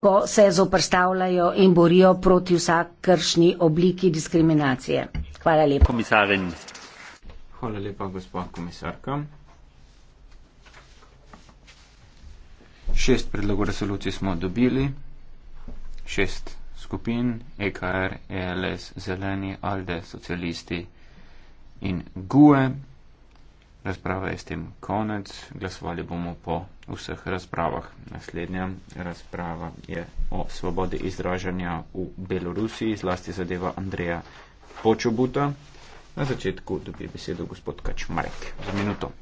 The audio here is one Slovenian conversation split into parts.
ko se zoprstavljajo in borijo proti vsakršni obliki diskriminacije. Hvala lepa. Komisaren. Hvala lepa, gospod komisarka. Šest predlogov resolucij smo dobili, šest skupin, EKR, ELS, Zeleni, ALDE, Socialisti in GUE. Razprava je s tem konec. Glasovali bomo po vseh razpravah. Naslednja razprava je o svobodi izražanja v Belorusiji, zlasti zadeva Andreja Počobuta. Na začetku dobi besedo gospod Kačmarek. Za minuto.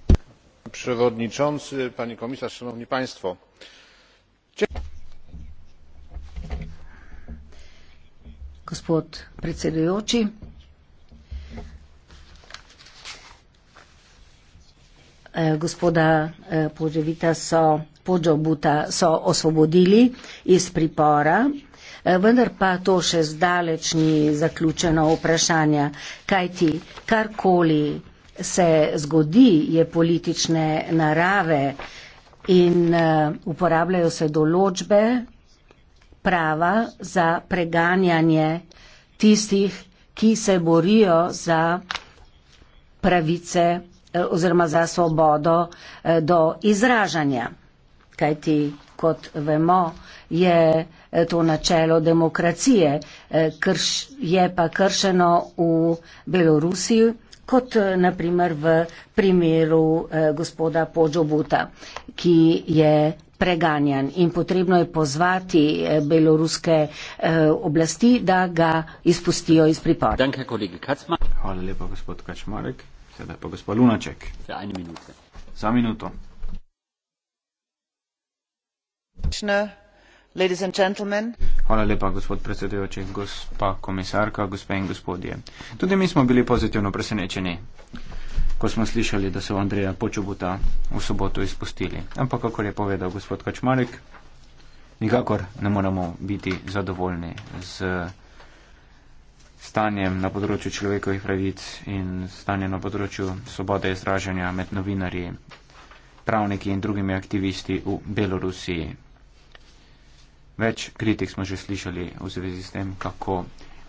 Przewodniczący, pani komisarz, szanowni państwo. Gospod predsedujoči, Eh, gospoda eh, Poževita so, Poževita so osvobodili iz pripora, eh, vendar pa to še zdaleč ni zaključeno vprašanje, kajti karkoli se zgodi, je politične narave in uporabljajo se določbe prava za preganjanje tistih, ki se borijo za pravice Eh, oziroma za svobodo eh, do izražanja. Kaj ti, kot vemo, je eh, to načelo demokracije, krš, je pa kršeno v Belorusiji, kot naprimer v primeru gospoda Podžobuta, ki je preganjan in potrebno je pozvati beloruske oblasti, da ga izpustijo iz pripora. Hvala lepa, gospod Kačmarek. Sedaj pa gospod Lunaček. Za eno minuto. Za minuto. Hvala lepa, gospod predsedujoči, gospa komisarka, gospe in gospodje. Tudi mi smo bili pozitivno presenečeni, ko smo slišali, da so Andreja Počobuta v soboto izpustili. Ampak, kako je povedal gospod Kačmarek, nikakor ne moramo biti zadovoljni z stanjem na področju človekovih pravic in stanjem na področju svobode izražanja med novinarji, pravniki in drugimi aktivisti v Belorusiji. Več kritik smo že slišali v zvezi s tem, kako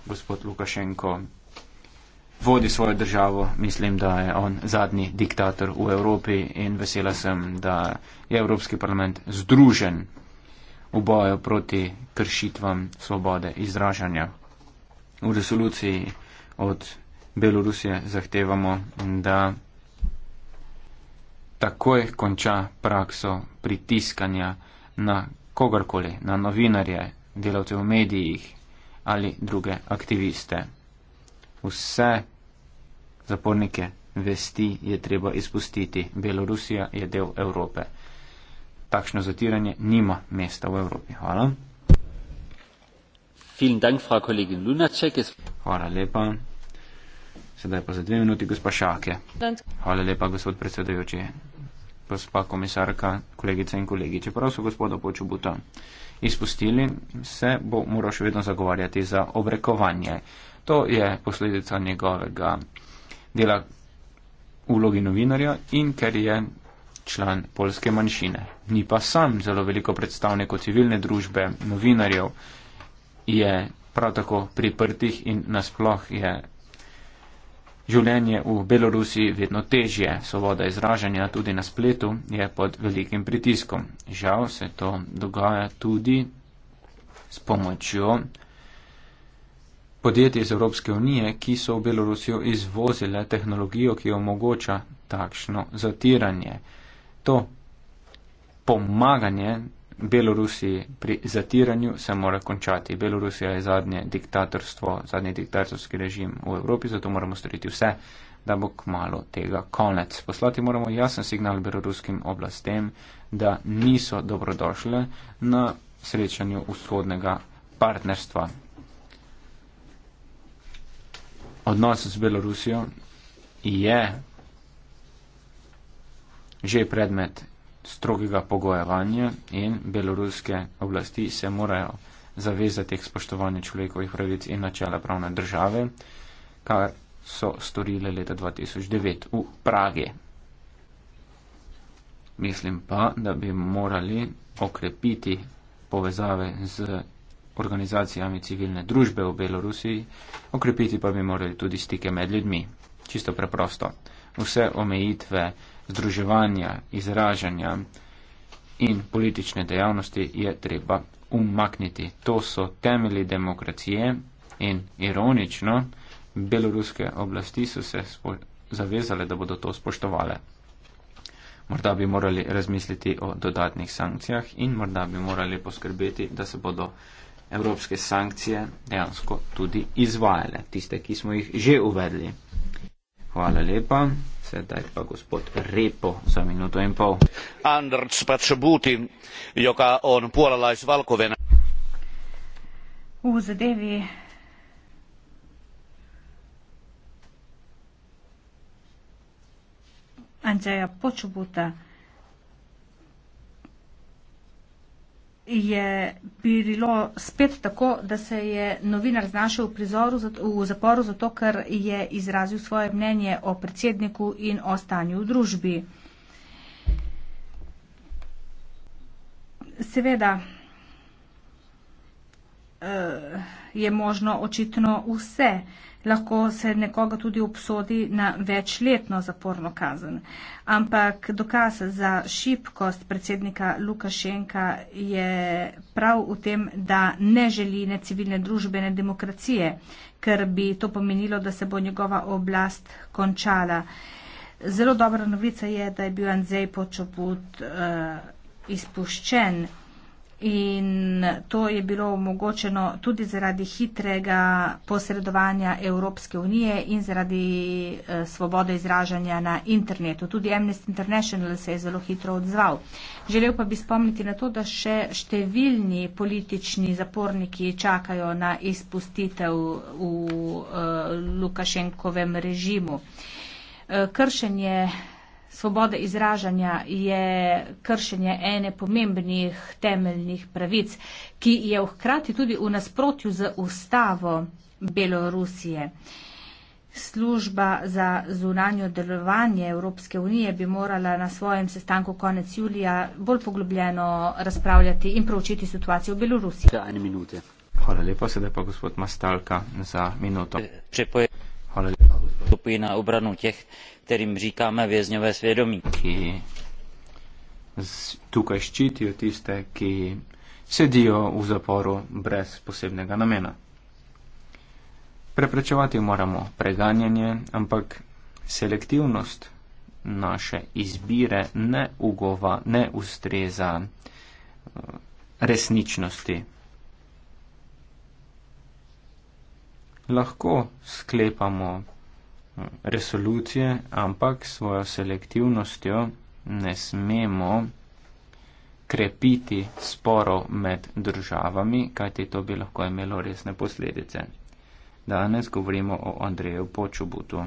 gospod Lukašenko vodi svojo državo. Mislim, da je on zadnji diktator v Evropi in vesela sem, da je Evropski parlament združen v boju proti kršitvam svobode izražanja v resoluciji od Belorusije zahtevamo, da takoj konča prakso pritiskanja na kogarkoli, na novinarje, delavce v medijih ali druge aktiviste. Vse zapornike vesti je treba izpustiti. Belorusija je del Evrope. Takšno zatiranje nima mesta v Evropi. Hvala. Hvala lepa. Sedaj pa za dve minuti gospa Šake. Hvala lepa, gospod predsedajoči, gospa komisarka, kolegice in kolegi. Čeprav so gospoda Počubuta izpustili, se bo moral še vedno zagovarjati za obrekovanje. To je posledica njegovega dela v vlogi novinarja in ker je član polske manjšine. Ni pa sam zelo veliko predstavnikov civilne družbe, novinarjev, je prav tako priprtih in nasploh je življenje v Belorusiji vedno težje. Svoboda izražanja tudi na spletu je pod velikim pritiskom. Žal se to dogaja tudi s pomočjo podjetij iz Evropske unije, ki so v Belorusijo izvozile tehnologijo, ki omogoča takšno zatiranje. To pomaganje Belorusiji pri zatiranju se mora končati. Belorusija je zadnje diktatorstvo, zadnji diktatorski režim v Evropi, zato moramo storiti vse, da bo k malu tega konec. Poslati moramo jasen signal beloruskim oblastem, da niso dobrodošle na srečanju vzhodnega partnerstva. Odnos z Belorusijo je že predmet strogega pogojevanja in beloruske oblasti se morajo zavezati k spoštovanju človekovih pravic in načela pravne države, kar so storile leta 2009 v Pragi. Mislim pa, da bi morali okrepiti povezave z organizacijami civilne družbe v Belorusiji, okrepiti pa bi morali tudi stike med ljudmi. Čisto preprosto. Vse omejitve združevanja, izražanja in politične dejavnosti je treba umakniti. To so temeli demokracije in ironično, beloruske oblasti so se zavezale, da bodo to spoštovale. Morda bi morali razmisliti o dodatnih sankcijah in morda bi morali poskrbeti, da se bodo evropske sankcije dejansko tudi izvajale, tiste, ki smo jih že uvedli. Hvala lepa. Sedaj pa gospod Repo za minuto in pol. Andrts Pačabuti, joka on puolalais Valkovena. V zadevi Andreja Počubuta. je bilo spet tako, da se je novinar znašel v, prizoru, v zaporu zato, ker je izrazil svoje mnenje o predsedniku in o stanju v družbi. Seveda, Eh, je možno očitno vse. Lahko se nekoga tudi obsodi na večletno zaporno kazen. Ampak dokaz za šibkost predsednika Lukašenka je prav v tem, da ne želi ne civilne družbe, ne demokracije, ker bi to pomenilo, da se bo njegova oblast končala. Zelo dobra novica je, da je bil Andrzej Počoput uh, eh, izpuščen in to je bilo omogočeno tudi zaradi hitrega posredovanja Evropske unije in zaradi eh, svobode izražanja na internetu. Tudi Amnesty International se je zelo hitro odzval. Želel pa bi spomniti na to, da še številni politični zaporniki čakajo na izpustitev v eh, Lukašenkovem režimu. Eh, kršenje Svobode izražanja je kršenje ene pomembnih temeljnih pravic, ki je vkrati tudi v nasprotju z ustavo Belorusije. Služba za zunanjo delovanje Evropske unije bi morala na svojem sestanku konec julija bolj poglobljeno razpravljati in proučiti situacijo v Belorusiji. Hvala lepa, sedaj pa gospod Mastalka za minuto. Hvala lepa zastupují na obranu těch kterým říkáme vězňové svědomí. Tukaj ščitijo tiste, ki sedijo v zaporu brez posebnega namena. Preprečevati moramo preganjanje, ampak selektivnost naše izbire ne, ugova, ne ustreza eh, resničnosti. Lahko sklepamo resolucije, ampak svojo selektivnostjo ne smemo krepiti sporov med državami, kajti to bi lahko imelo resne posledice. Danes govorimo o Andreju Počubutu.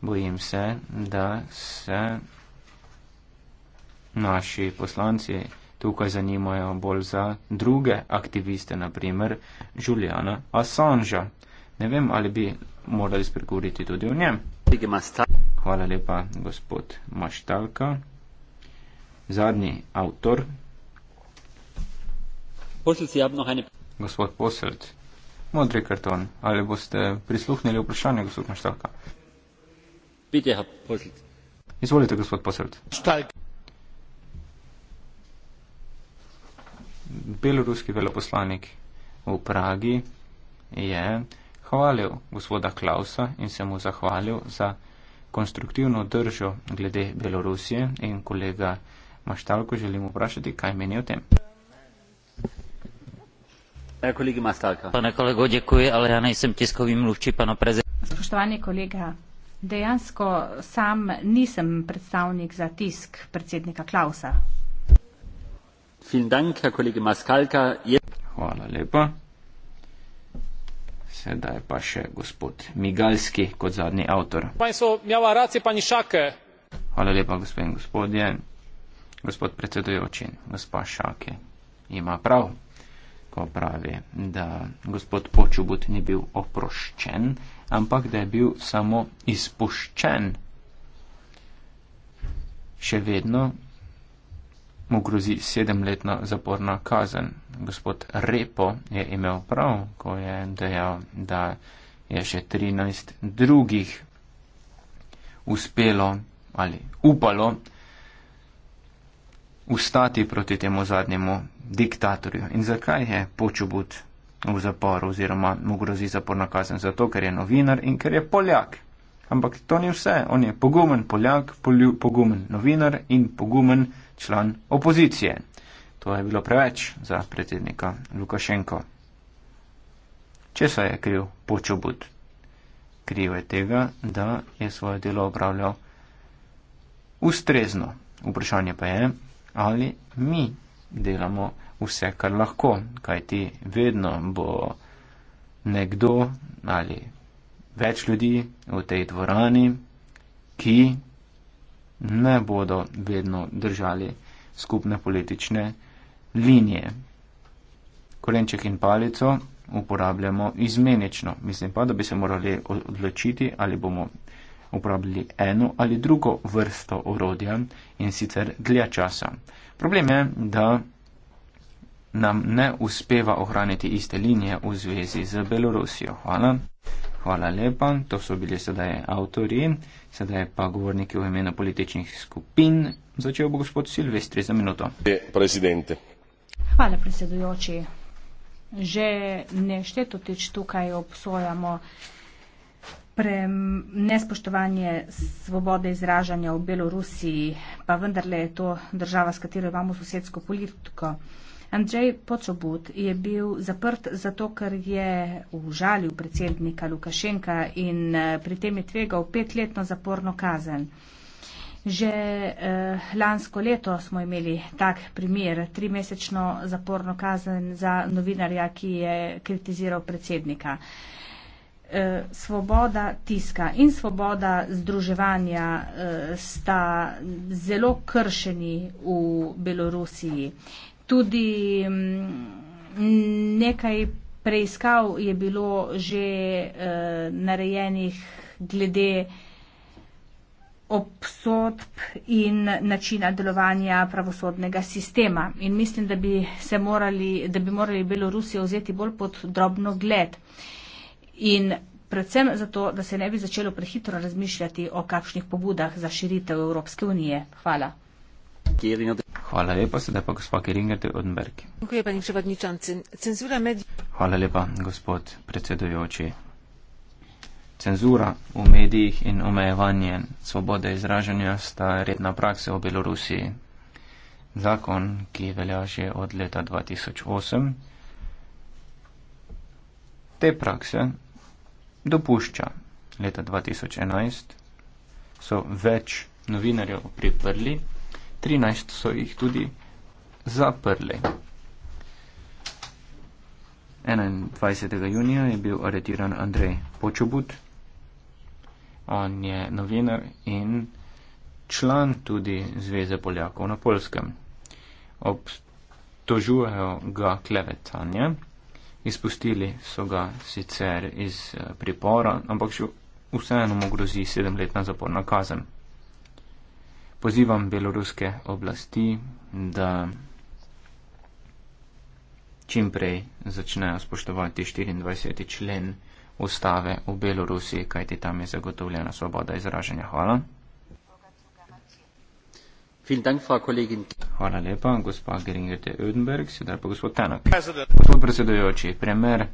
Bojim se, da se naši poslanci tukaj zanimajo bolj za druge aktiviste, naprimer Juliana Assangea. Ne vem, ali bi morali spregovoriti tudi o njem. Hvala lepa, gospod Maštalka. Zadnji avtor. Ja, gospod Poselc, modri karton. Ali boste prisluhnili vprašanju, gospod Maštalka? Izvolite, gospod Poselc. Beloruski veloposlanik v Pragi je hvalil gospoda Klausa in se mu zahvalil za konstruktivno držo glede Belorusije in kolega Maštalko želim vprašati, kaj meni o tem. Pane kolego, děkuji, ale já nejsem tiskový mluvčí pana prezidenta. Spoštovani kolega, dejansko sam nisem predstavnik za tisk predsednika Klausa. Vielen Dank, Herr Kollege Maskalka. Hvala lepa, sedaj pa še gospod Migalski kot zadnji avtor. Hvala lepa, gospod in gospodje. Gospod predsedujoči, gospa Šake ima prav, ko pravi, da gospod Počubut ni bil oproščen, ampak da je bil samo izpuščen. Še vedno mu grozi sedemletna zaporna kazen. Gospod Repo je imel prav, ko je dejal, da je še 13 drugih uspelo ali upalo ustati proti temu zadnjemu diktatorju. In zakaj je počubut v zaporu oziroma mu grozi zaporna kazen? Zato, ker je novinar in ker je poljak. Ampak to ni vse. On je pogumen poljak, pogumen novinar in pogumen član opozicije. To je bilo preveč za predsednika Lukašenko. Če se je kriv počobud, kriv je tega, da je svoje delo opravljal ustrezno. Vprašanje pa je, ali mi delamo vse, kar lahko, kajti vedno bo nekdo ali več ljudi v tej dvorani, ki ne bodo vedno držali skupne politične linije. Korenček in palico uporabljamo izmenično. Mislim pa, da bi se morali odločiti, ali bomo uporabljali eno ali drugo vrsto orodja in sicer dlje časa. Problem je, da nam ne uspeva ohraniti iste linije v zvezi z Belorusijo. Hvala. Hvala lepa. To so bili sedaj avtori, sedaj pa govorniki v imenu političnih skupin. Začel bo gospod Silvestri za minuto. Hvala, predsedujoči. Že neštetotič tukaj obsojamo pre... nespoštovanje svobode izražanja v Belorusiji, pa vendarle je to država, s katero imamo sosedsko politiko. Andrej Počobut je bil zaprt zato, ker je užalil predsednika Lukašenka in eh, pri tem je tvegal petletno zaporno kazen. Že eh, lansko leto smo imeli tak primer, trimesečno zaporno kazen za novinarja, ki je kritiziral predsednika. Eh, svoboda tiska in svoboda združevanja eh, sta zelo kršeni v Belorusiji tudi m, mm, nekaj preiskav je bilo že e, narejenih glede obsodb in načina delovanja pravosodnega sistema. In mislim, da bi, se morali, da bi morali Belorusijo vzeti bolj pod drobno gled. In predvsem zato, da se ne bi začelo prehitro razmišljati o kakšnih pobudah za širitev Evropske unije. Hvala. Hvala lepa, sedaj pa gospa Keringer te Odenberg. Dziękuję, panie przewodniczący. Cenzura medijev. Hvala lepa, gospod predsedujoči. Cenzura v medijih in omejevanje svobode izražanja sta redna praksa v Belorusiji. Zakon, ki velja že od leta 2008, te prakse dopušča. Leta 2011 so več novinarjev priprli 13 so jih tudi zaprli. 21. junija je bil aretiran Andrej Počobut. On je novinar in član tudi Zveze Poljakov na Polskem. Obtožujejo ga klevetanje. Izpustili so ga sicer iz eh, pripora, ampak še vseeno mu grozi sedemletna zaporna kazen pozivam beloruske oblasti, da čim prej začnejo spoštovati 24. člen ustave v Belorusiji, kajti tam je zagotovljena svoboda izražanja. Hvala. Hvala lepa, gospa Geringer de Ödenberg, sedaj pa gospod Tanak. Gospod predsedujoči, premer.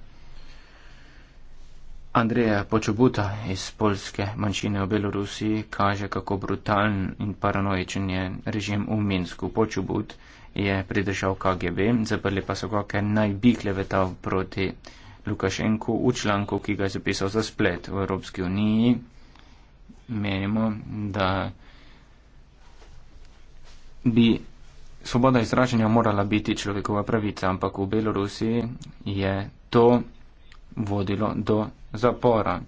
Andreja Počobuta iz polske manjšine v Belorusiji kaže, kako brutalen in paranoičen je režim v Minsku. Počobut je pridržal KGB, zaprli pa so ga, ker naj bi klevetal proti Lukašenku v članku, ki ga je zapisal za splet v Evropski uniji. Menimo, da bi svoboda izražanja morala biti človekova pravica, ampak v Belorusiji je to vodilo do zapora.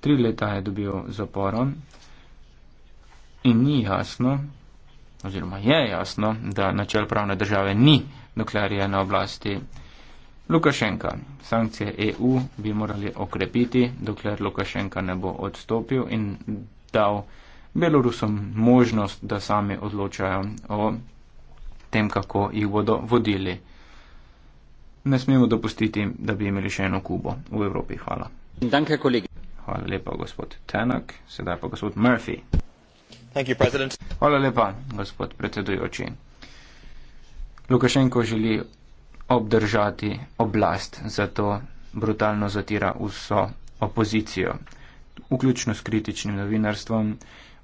Tri leta je dobil zaporo in ni jasno, oziroma je jasno, da načel pravne države ni, dokler je na oblasti Lukašenka. Sankcije EU bi morali okrepiti, dokler Lukašenka ne bo odstopil in dal Belorusom možnost, da sami odločajo o tem, kako jih bodo vodili ne smemo dopustiti, da bi imeli še eno Kubo v Evropi. Hvala. Danke, Hvala lepa, gospod Tenak. Sedaj pa gospod Murphy. Thank you, president. Hvala lepa, gospod predsedujoči. Lukašenko želi obdržati oblast, zato brutalno zatira vso opozicijo, vključno s kritičnim novinarstvom,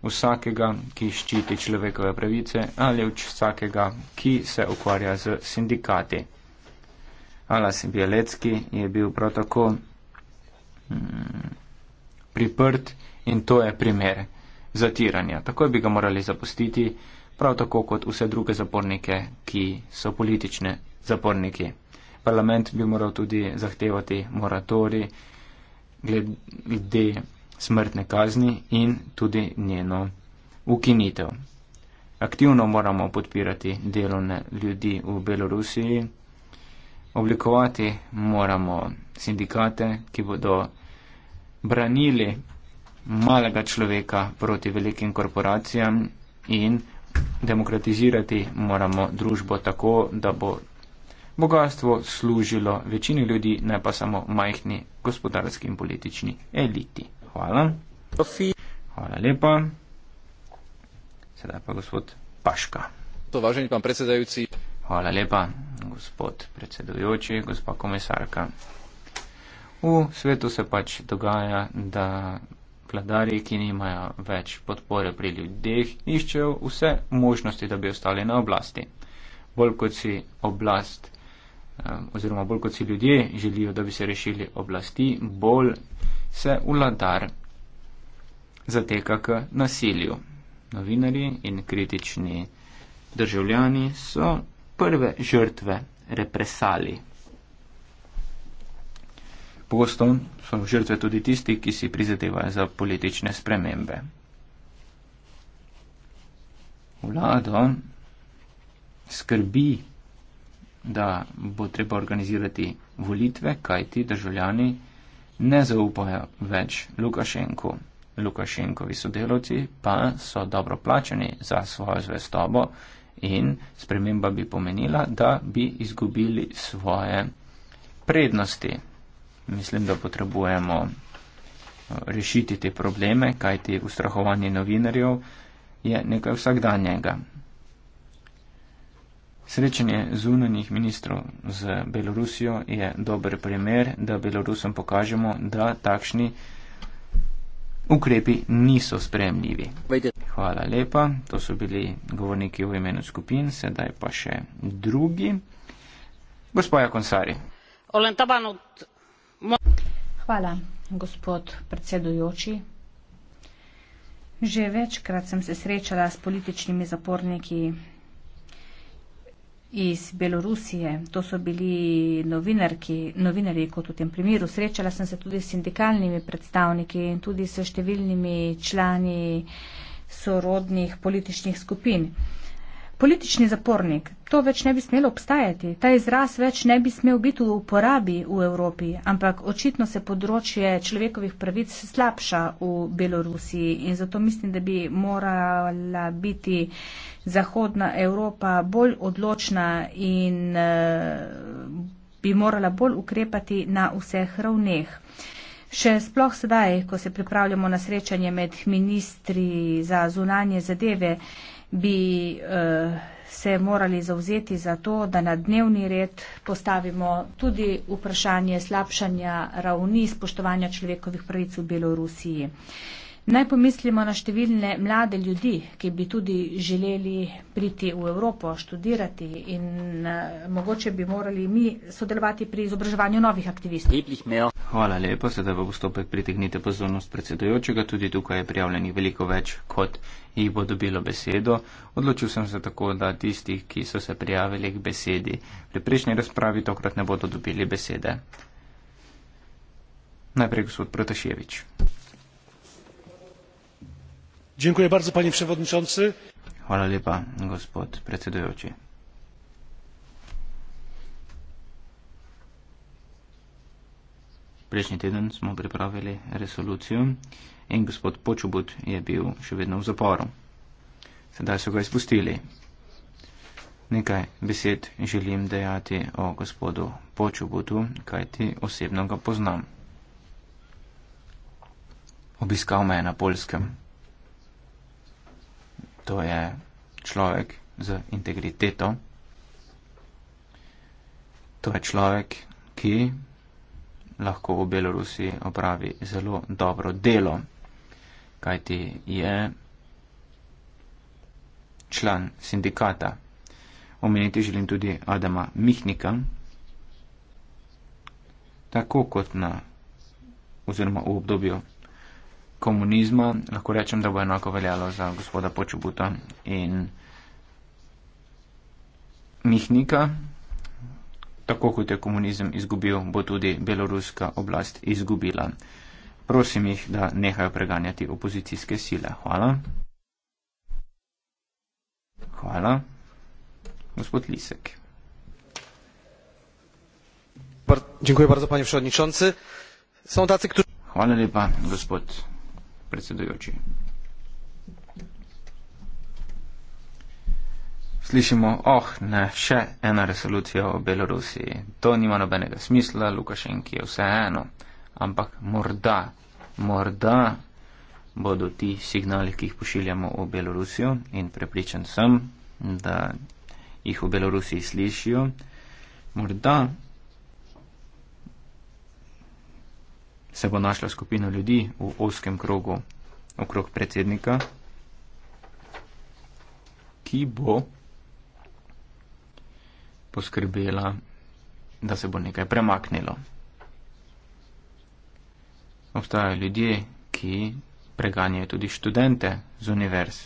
vsakega, ki ščiti človekove pravice ali vsakega, ki se ukvarja z sindikati. Alas Bielecki je bil prav tako mm, priprt in to je primer zatiranja. Takoj bi ga morali zapustiti, prav tako kot vse druge zapornike, ki so politične zaporniki. Parlament bi moral tudi zahtevati moratori glede smrtne kazni in tudi njeno ukinitev. Aktivno moramo podpirati delovne ljudi v Belorusiji oblikovati moramo sindikate, ki bodo branili malega človeka proti velikim korporacijam in demokratizirati moramo družbo tako, da bo bogatstvo služilo večini ljudi, ne pa samo majhni gospodarski in politični eliti. Hvala. Hvala lepa. Sedaj pa gospod Paška. To, vážený pán predsedajúci. Hvala lepa, gospod predsedujoči, gospa komisarka. V svetu se pač dogaja, da vladari, ki nimajo več podpore pri ljudeh, iščejo vse možnosti, da bi ostali na oblasti. Bolj kot si oblast eh, oziroma bolj kot si ljudje želijo, da bi se rešili oblasti, bolj se vladar zateka k nasilju. Novinari in kritični državljani so prve žrtve represali. Pogosto so žrtve tudi tisti, ki si prizadevajo za politične spremembe. Vlado skrbi, da bo treba organizirati volitve, kajti državljani ne zaupajo več Lukašenku. Lukašenkovi sodelovci pa so dobro plačeni za svojo zvestobo in sprememba bi pomenila, da bi izgubili svoje prednosti. Mislim, da potrebujemo eh, rešiti te probleme, kajti ustrahovanje novinarjev je nekaj vsakdanjega. Srečanje zunanjih ministrov z Belorusijo je dober primer, da Belorusom pokažemo, da takšni ukrepi niso spremljivi. Hvala lepa. To so bili govorniki v imenu skupin, sedaj pa še drugi. Gospoja Konsari. Hvala, gospod predsedujoči. Že večkrat sem se srečala s političnimi zaporniki iz Belorusije. To so bili novinarki, novinarji kot v tem primeru. Srečala sem se tudi s sindikalnimi predstavniki in tudi s številnimi člani eh, sorodnih političnih skupin. Politični zapornik, to več ne bi smelo obstajati, ta izraz več ne bi smel biti v uporabi v Evropi, ampak očitno se področje človekovih pravic slabša v Belorusiji in zato mislim, da bi morala biti Zahodna Evropa bolj odločna in eh, bi morala bolj ukrepati na vseh ravneh. Še sploh sedaj, ko se pripravljamo na srečanje med ministri za zunanje zadeve, bi uh, se morali zauzeti za to, da na dnevni red postavimo tudi vprašanje slabšanja ravni spoštovanja človekovih pravic v Belorusiji. Uh, Naj pomislimo na številne mlade ljudi, ki bi tudi želeli priti v Evropo, študirati in uh, mogoče bi morali mi sodelovati pri izobraževanju novih aktivistov. Hvala lepa, sedaj v postopek pritegnite pozornost predsedojočega, tudi tukaj je prijavljenih veliko več, kot jih bo dobilo besedo. Odločil sem se tako, da tistih, ki so se prijavili k besedi, pri prejšnji razpravi tokrat ne bodo dobili besede. Najprej gospod Protaševič. Dziękuję bardzo, panie przewodniczący. Hvala lepa, gospod predsedujoči. Prejšnji teden smo pripravili resolucijo in gospod Počubut je bil še vedno v zaporu. Sedaj so ga izpustili. Nekaj besed želim dejati o gospodu Počubutu, kajti osebno ga poznam. Obiskal me je na polskem to je človek z integriteto, to je človek, ki lahko v Belorusiji opravi zelo dobro delo, kajti je član sindikata. Omeniti želim tudi Adama Mihnika, tako kot na oziroma v obdobju komunizma, lahko rečem, da bo enako veljalo za gospoda Počubuta in Mihnika. Tako kot je komunizem izgubil, bo tudi beloruska oblast izgubila. Prosim jih, da nehajo preganjati opozicijske sile. Hvala. Hvala. Gospod Lisek. Dziękuję bardzo panie przewodniczący. Są tacy, którzy... Hvala lepa, gospod predsedujoči. Slišimo, oh ne, še ena resolucija o Belorusiji. To nima nobenega smisla, Lukašenki je vseeno. Ampak morda, morda bodo ti signali, ki jih pošiljamo v Belorusijo in prepričan sem, da jih v Belorusiji slišijo, morda se bo našla skupina ljudi v oskem krogu okrog predsednika, ki bo poskrbela, da se bo nekaj premaknilo. Obstajajo ljudje, ki preganjajo tudi študente z univerz.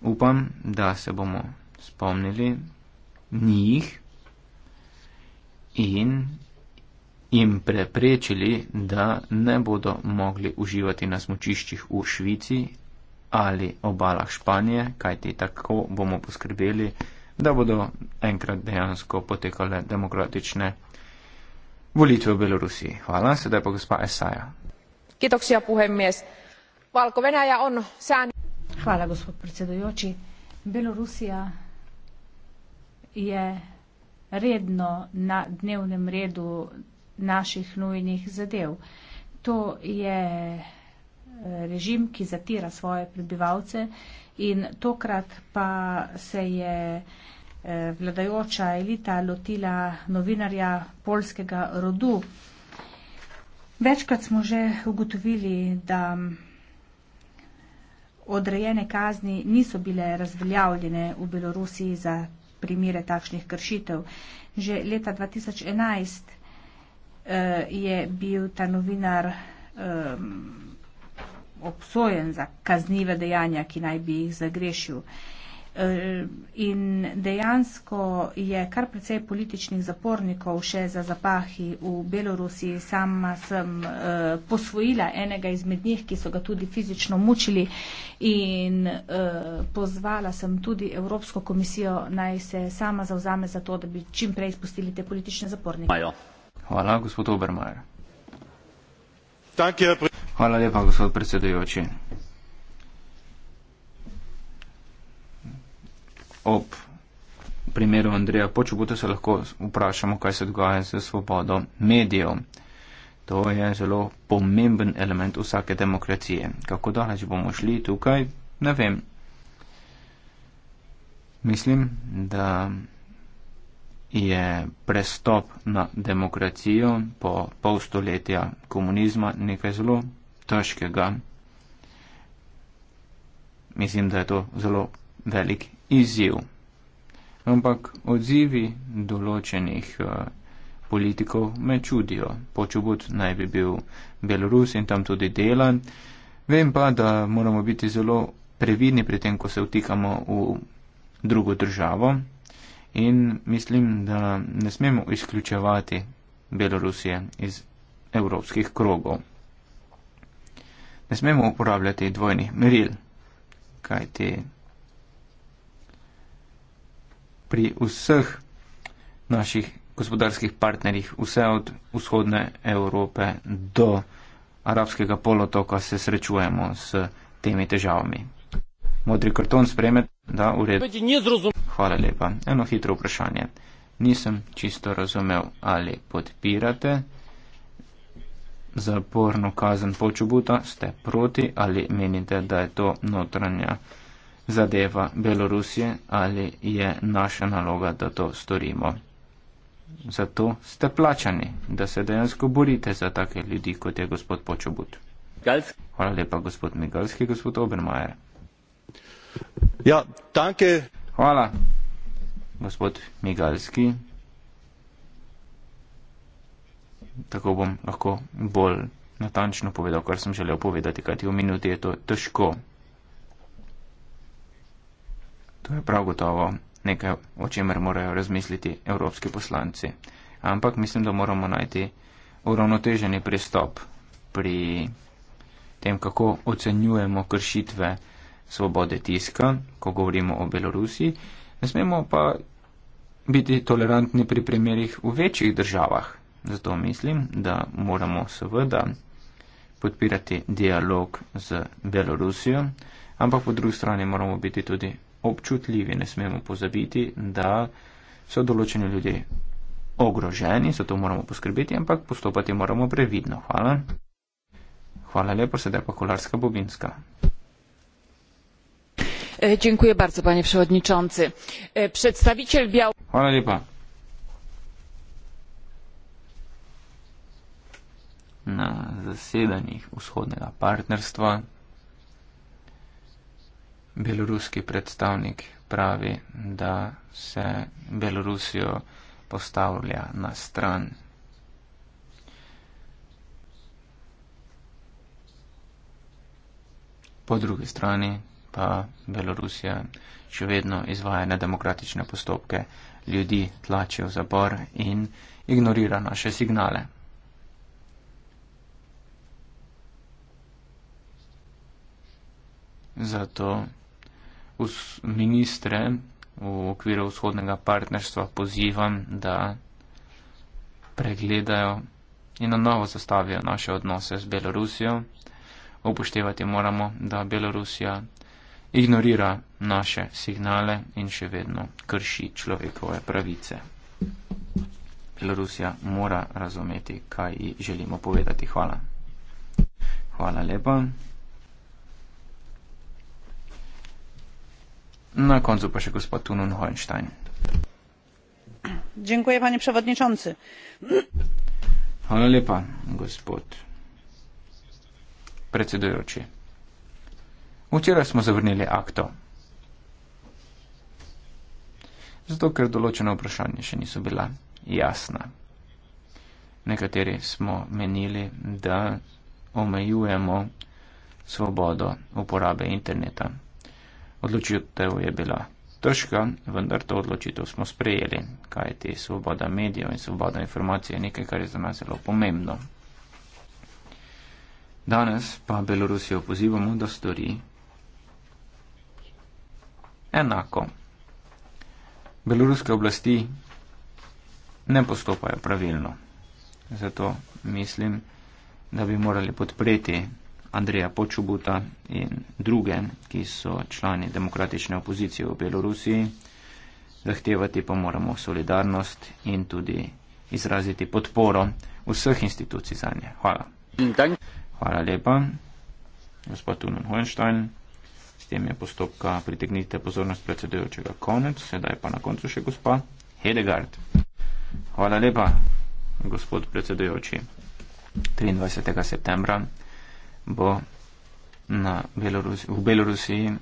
Upam, da se bomo spomnili njih in jim preprečili, da ne bodo mogli uživati na smočiščih v Švici ali obalah Španije, kajti tako bomo poskrbeli, da bodo enkrat dejansko potekale demokratične volitve v Belorusiji. Hvala, sedaj pa gospa Esaja. Kitoksija, puhemies. Valko-Venäjä on sään... Hvala, gospod predsedujoči. Belorusija je redno na dnevnem redu naših nujnih zadev. To je eh, režim, ki zatira svoje prebivalce in tokrat pa se je eh, vladajoča elita lotila novinarja polskega rodu. Večkrat smo že ugotovili, da odrejene kazni niso bile razveljavljene v Belorusiji za primere takšnih kršitev. Že leta 2011 Eh, je bil ta novinar um, obsojen za kaznive dejanja, ki naj bi jih zagrešil. Eh, in dejansko je kar precej političnih zapornikov še za zapahi v Belorusiji. Sama sem uh, posvojila enega izmed njih, ki so ga tudi fizično mučili in uh, pozvala sem tudi Evropsko komisijo naj se sama zauzame za to, da bi čim prej izpustili te politične zapornike. Majo. Hvala, gospod Obermajer. Hvala lepa, gospod predsedujoči. Ob primeru Andreja Počubuta se lahko vprašamo, kaj se dogaja z svobodo medijev. To je zelo pomemben element vsake demokracije. Kako daleč bomo šli tukaj, ne vem. Mislim, da je prestop na demokracijo po pol stoletja komunizma nekaj zelo težkega. Mislim, da je to zelo velik izziv. Ampak odzivi določenih eh, politikov me čudijo. Počubut naj bi bil Belorus in tam tudi dela. Vem pa, da moramo biti zelo previdni pri tem, ko se vtikamo v drugo državo in mislim, da ne smemo izključevati Belorusije iz evropskih krogov. Ne smemo uporabljati dvojnih meril, kajti pri vseh naših gospodarskih partnerjih, vse od vzhodne Evrope do arabskega polotoka, se srečujemo s temi težavami. Modri karton spremete. Da, v redu. Hvala lepa. Eno hitro vprašanje. Nisem čisto razumel, ali podpirate zaporno kazen počubuta, ste proti ali menite, da je to notranja zadeva Belorusije ali je naša naloga, da to storimo. Zato ste plačani, da se dejansko borite za take ljudi, kot je gospod Počobut. Hvala lepa, gospod Migalski, gospod Obermajer. Ja, hvala gospod migalski tako bom lahko bolj natančno povedal kar sem želel povedati kajti v minuti je to težko to je prav gotovo nekaj o čemer morajo razmisliti evropski poslanci ampak mislim da moramo najti uravnoteženi pristop pri tem kako ocenjujemo kršitve svobode tiska, ko govorimo o Belorusiji, ne smemo pa biti tolerantni pri primerih v večjih državah. Zato mislim, da moramo seveda podpirati dialog z Belorusijo, ampak po drugi strani moramo biti tudi občutljivi, ne smemo pozabiti, da so določeni ljudje ogroženi, zato moramo poskrbeti, ampak postopati moramo previdno. Hvala. Hvala lepo, sedaj pa kolarska bobinska. E, panie przewodniczący! E, przedstawiciel białorusi na zasiedaniach wschodniego partnerstwa białoruski przedstawnik prawi da se białorusio postawia na stran po drugiej stronie pa Belorusija še vedno izvaja nedemokratične postopke, ljudi tlači v zapor in ignorira naše signale. Zato vs ministre v okviru vzhodnega partnerstva pozivam, da pregledajo in na novo zastavijo naše odnose z Belorusijo. Upoštevati moramo, da Belorusija ignorira naše signale in še vedno krši človekove pravice. Belorusija mora razumeti, kaj ji želimo povedati. Hvala. Hvala lepa. Na koncu pa še gospod Tunun Hohenstein. Dziękuję, panie przewodniczący. Hvala lepa, gospod predsedujoči. Včeraj smo zavrnili akto. Zato, ker določene vprašanje še niso bila jasna. Nekateri smo menili, da omejujemo svobodo uporabe interneta. Odločitev je bila težka, vendar to odločitev smo sprejeli, kaj ti svoboda medijev in svoboda informacije je nekaj, kar je za nas zelo pomembno. Danes pa Belorusijo pozivamo, da stori enako. Beloruske oblasti ne postopajo pravilno. Zato mislim, da bi morali podpreti Andreja Počubuta in druge, ki so člani demokratične opozicije v Belorusiji. Zahtevati pa moramo solidarnost in tudi izraziti podporo vseh institucij za nje. Hvala. Hvala lepa, gospod Tunen Hohenstein tem je postopka pritegnite pozornost predsedujočega konec, sedaj pa na koncu še gospa Hedegard. Hvala lepa, gospod predsedujoči. 23. septembra bo Belorusi, v Belorusiji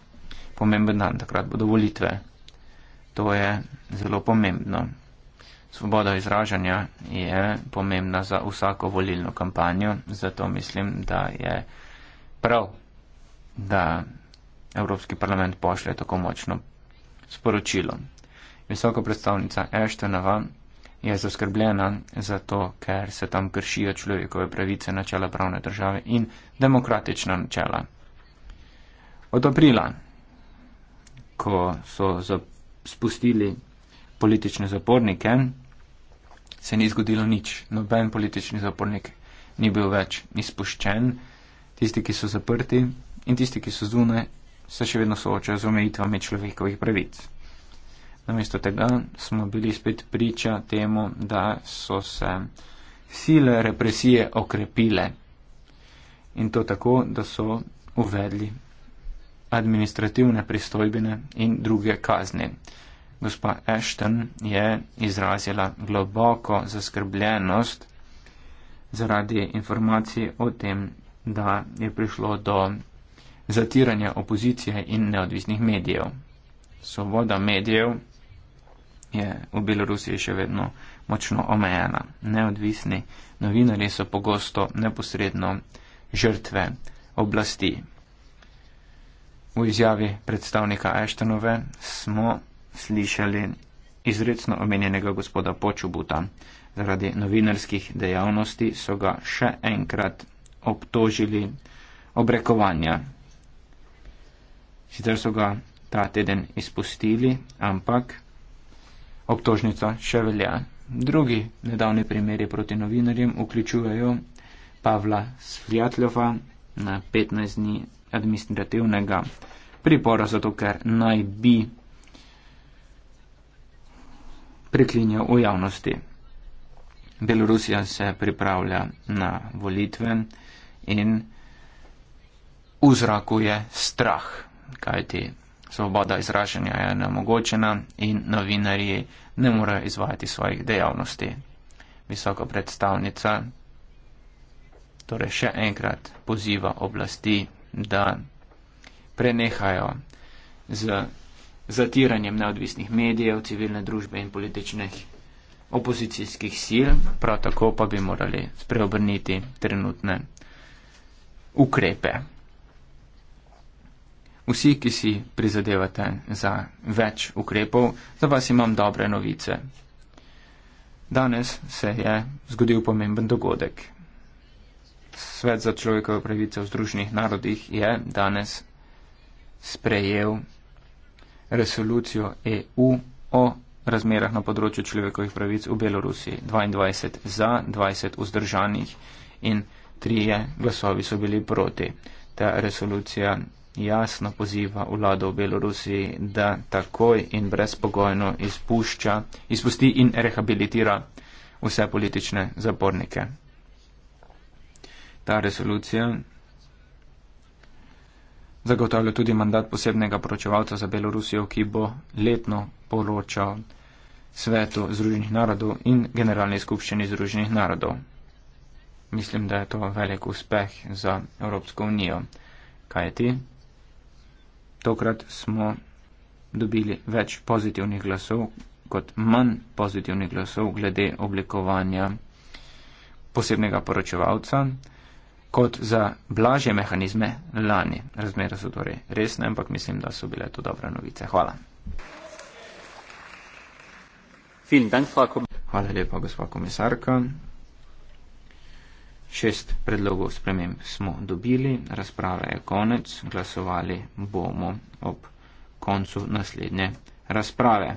pomemben dan, takrat bodo volitve. To je zelo pomembno. Svoboda izražanja je pomembna za vsako volilno kampanjo, zato mislim, da je prav, da Evropski parlament pošlje tako močno sporočilo. Visoka predstavnica Eštenova je zaskrbljena zato, ker se tam kršijo človekove pravice, načela pravne države in demokratična načela. Od aprila, ko so spustili politične zapornike, se ni zgodilo nič. Noben politični zapornik ni bil več izpuščen. Tisti, ki so zaprti in tisti, ki so zune, se še vedno sooča z omejitvami človekovih pravic. Namesto tega smo bili spet priča temu, da so se sile represije okrepile in to tako, da so uvedli administrativne pristojbine in druge kazni. Gospa Ashton je izrazila globoko zaskrbljenost zaradi informacij o tem, da je prišlo do zatiranja opozicije in neodvisnih medijev. Svoboda medijev je v Belorusiji še vedno močno omejena. Neodvisni novinari so pogosto neposredno žrtve oblasti. V izjavi predstavnika Eštenove smo slišali izredno omenjenega gospoda Počubuta. Zaradi novinarskih dejavnosti so ga še enkrat obtožili obrekovanja sicer so ga ta teden izpustili, ampak obtožnica še velja. Drugi nedavni primeri proti novinarjem vključujejo Pavla Svjatljova na 15 dni administrativnega pripora, zato ker naj bi priklinjal v javnosti. Belorusija se pripravlja na volitve in v zraku je strah kajti svoboda izražanja je nemogočena in novinarji ne morejo izvajati svojih dejavnosti. Visoka predstavnica torej še enkrat poziva oblasti, da prenehajo z zatiranjem neodvisnih medijev, civilne družbe in političnih opozicijskih sil, prav tako pa bi morali spreobrniti trenutne ukrepe. Vsi, ki si prizadevate za več ukrepov, za vas imam dobre novice. Danes se je zgodil pomemben dogodek. Svet za človekove pravice v Združenih narodih je danes sprejel resolucijo EU o razmerah na področju človekovih pravic v Belorusiji. 22 za, 20 vzdržanih in trije glasovi so bili proti. Ta resolucija jasno poziva vlado v Belorusiji, da takoj in brezpogojno izpušča, izpusti in rehabilitira vse politične zapornike. Ta resolucija zagotavlja tudi mandat posebnega poročevalca za Belorusijo, ki bo letno poročal svetu Združenih narodov in Generalni skupščini Združenih narodov. Mislim, da je to velik uspeh za Evropsko unijo. Kaj je ti? tokrat smo dobili več pozitivnih glasov kot manj pozitivnih glasov glede oblikovanja posebnega poročevalca kot za blaže mehanizme lani. Razmere so torej resne, ampak mislim, da so bile to dobre novice. Hvala. Hvala lepa, gospa komisarka. Šest predlogov sprememb smo dobili, razprava je konec, glasovali bomo ob koncu naslednje razprave.